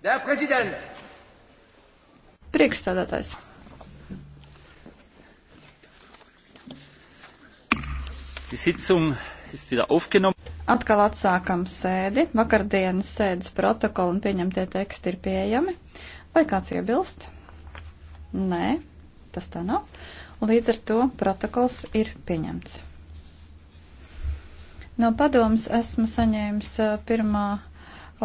Der Präsident! Priekšstādātājs. Die Sitzung ist wieder aufgenommen. Atkal atsākam sēdi. Vakardienas sēdes protokoli un pieņemtie teksti ir pieejami. Vai kāds iebilst? Nē, tas tā nav. Līdz ar to protokols ir pieņemts. No padomas esmu saņēmis eh, pirmā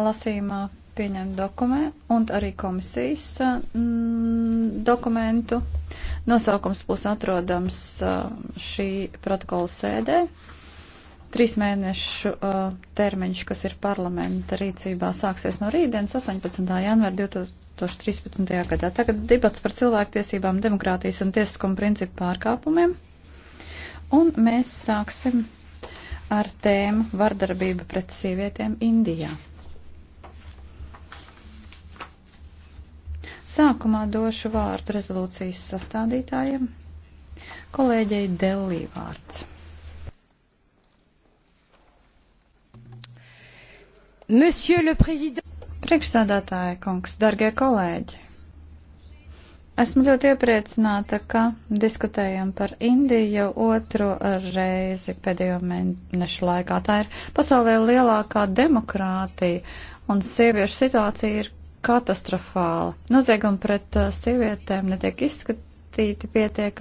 lasījumā pieņemt dokumentu un arī komisijas mm, dokumentu. Nosaukums būs atrodams šī protokola sēdē. Trīs mēnešu uh, termiņš, kas ir parlamenta rīcībā, sāksies no rītdienas 18. janvāra 2013. gadā. Tagad debats par cilvēktiesībām, demokrātijas un tiesiskuma principu pārkāpumiem. Un mēs sāksim ar tēmu vardarbība pret sievietēm Indijā. Sākumā došu vārdu rezolūcijas sastādītājiem. Kolēģei Delī vārds. Monsieur le Président. Priekšstādātāja kungs, dargie kolēģi. Esmu ļoti iepriecināta, ka diskutējam par Indiju jau otro reizi pēdējo mēnešu laikā. Tā ir pasaulē lielākā demokrātija, un sieviešu situācija ir katastrofāla. Noziegumi pret uh, sievietēm netiek izskatīti pietiekami.